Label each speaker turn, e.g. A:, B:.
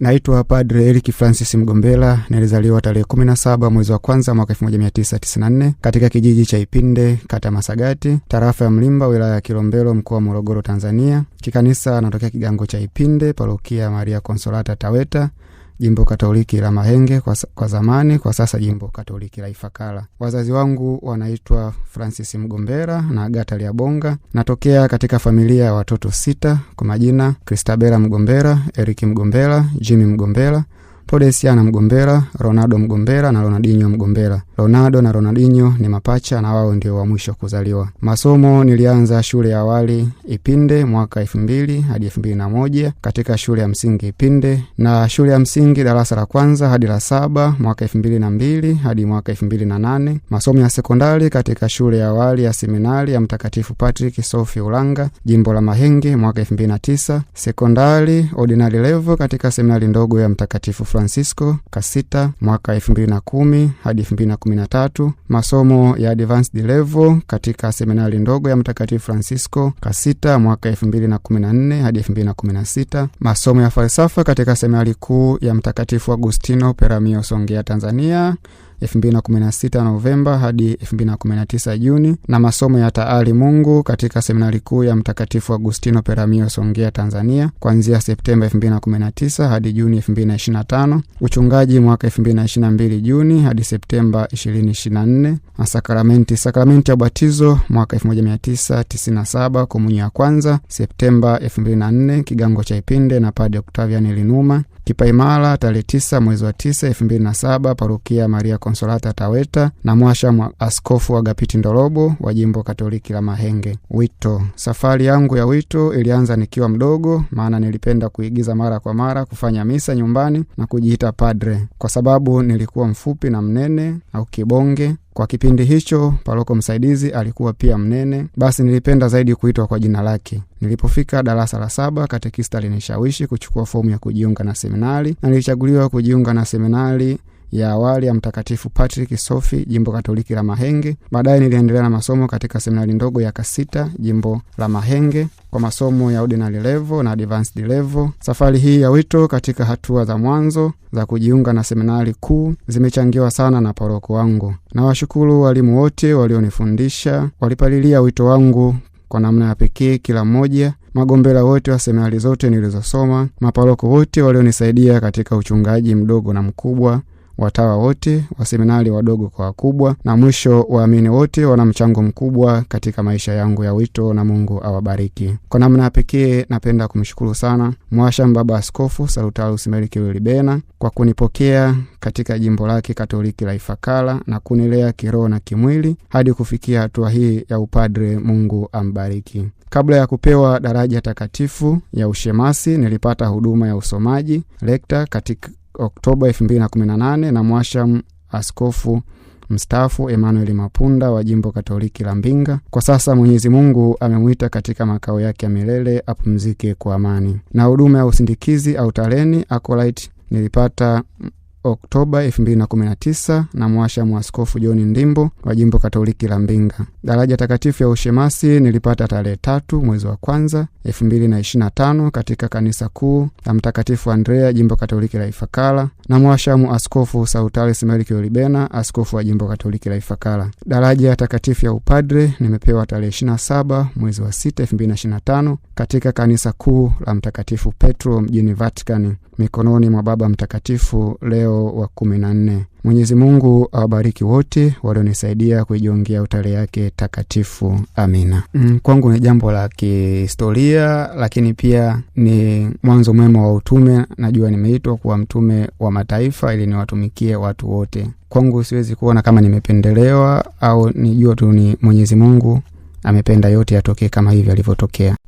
A: Naitwa Padre Eric Francis Mgombela, nilizaliwa tarehe 17 mwezi wa kwanza mwaka 1994 katika kijiji cha Ipinde, kata Masagati, tarafa ya Mlimba, wilaya ya Kilombero, mkoa wa Morogoro, Tanzania. Kikanisa anatokea kigango cha Ipinde, parokia Maria Konsolata Taweta jimbo Katoliki la Mahenge kwa, kwa zamani, kwa sasa jimbo Katoliki la Ifakara. Wazazi wangu wanaitwa Francis Mgombera na Agata Liabonga. Natokea katika familia ya watoto sita kwa majina Kristabela Mgombera, Eriki Mgombera, Jimi Mgombera Podesiana Mgombera, Ronaldo Mgombera na Ronaldinho Mgombera. Ronaldo na Ronaldinho ni mapacha na wao ndio wa mwisho kuzaliwa. Masomo nilianza shule ya awali Ipinde mwaka elfu mbili hadi elfu mbili na moja katika shule ya msingi Ipinde na shule ya msingi darasa la kwanza hadi la saba mwaka elfu mbili na mbili hadi mwaka elfu mbili na nane Masomo ya sekondari katika shule ya awali ya seminari ya Mtakatifu Patrick Sofi Ulanga, jimbo la Mahenge mwaka elfu mbili na tisa Sekondari ordinary level katika seminari ndogo ya Mtakatifu Francisco Kasita mwaka 2010 hadi 2013, masomo ya advanced level katika seminari ndogo ya Mtakatifu Francisco Kasita mwaka 2014 hadi 2016, masomo ya falsafa katika seminari kuu ya Mtakatifu Agustino Peramio Songea, Tanzania 216 Novemba hadi 219 Juni, na masomo ya taali Mungu katika seminari kuu ya Mtakatifu Agustino Peramio, Songea, Tanzania, kuanzia Septemba 219 hadi Juni 225 uchungaji mwaka 222 Juni hadi Septemba 224 na sakramenti sakramenti ya ubatizo mwaka 1997 komunyo ya kwanza Septemba 24 kigango cha Ipinde na Padre Octavian Linuma Kipaimara tarehe 9 mwezi wa na saba parukia Maria Konsolata Taweta na mwasha mwa Askofu gapiti ndorobo wa jimbo Katoliki la Mahenge. Wito. Safari yangu ya wito ilianza nikiwa mdogo, maana nilipenda kuigiza mara kwa mara, kufanya misa nyumbani na kujiita padre, kwa sababu nilikuwa mfupi na mnene au kibonge kwa kipindi hicho paroko msaidizi alikuwa pia mnene, basi nilipenda zaidi kuitwa kwa jina lake. Nilipofika darasa la saba, katekista linishawishi kuchukua fomu ya kujiunga na seminari na nilichaguliwa kujiunga na seminari ya awali ya Mtakatifu Patrick Sofi, jimbo Katoliki la Mahenge. Baadaye niliendelea na masomo katika seminari ndogo ya Kasita, jimbo la Mahenge, kwa masomo ya ordinary level na advanced level. Safari hii ya wito katika hatua za mwanzo za kujiunga na seminari kuu zimechangiwa sana na paroko wangu. Nawashukuru walimu wote walionifundisha, walipalilia wito wangu kwa namna ya pekee, kila mmoja magombela wote wa seminari zote nilizosoma, maparoko wote walionisaidia katika uchungaji mdogo na mkubwa, watawa wote, waseminari wadogo kwa wakubwa, na mwisho waamini wote wana mchango mkubwa katika maisha yangu ya wito, na Mungu awabariki. Kwa namna ya pekee napenda kumshukuru sana Mwasham Baba Askofu salutarus Melkiel Ribena kwa kunipokea katika jimbo lake Katoliki la ifakala na kunilea kiroho na kimwili hadi kufikia hatua hii ya upadre. Mungu ambariki. Kabla ya kupewa daraja takatifu ya ushemasi nilipata huduma ya usomaji lekta katika Oktoba 218 na Mwasham askofu mstafu Emmanuel Mapunda wa jimbo Katoliki la Mbinga. Kwa sasa Mwenyezi Mungu amemwita katika makao yake ya milele apumzike kwa amani. Na huduma ya usindikizi au taleni Akolait nilipata Oktoba 219 na mwasha mwaskofu johni Ndimbo wa jimbo Katoliki la Mbinga. Daraja takatifu ya ushemasi nilipata tarehe tatu mwezi wa kwanza 225 katika kanisa kuu la Mtakatifu Andrea jimbo Katoliki la ifakala na mwashamu askofu meliki olibena askofu wa jimbo Katoliki la ifakala Daraja ya takatifu ya upadre nimepewa tarehe 27 mwezi wa sita 2025 katika kanisa kuu la Mtakatifu Petro mjini Vatikani mikononi mwa Baba Mtakatifu Leo leo wa kumi na nne. Mwenyezi Mungu awabariki wote walionisaidia kuijongea utare yake takatifu. Amina.
B: Mm, kwangu ni jambo la kihistoria, lakini pia ni mwanzo mwema wa utume. Najua nimeitwa kuwa mtume wa mataifa ili niwatumikie watu wote. Kwangu siwezi kuona kama nimependelewa au nijua tu ni Mwenyezi Mungu amependa yote yatokee kama hivyo alivyotokea.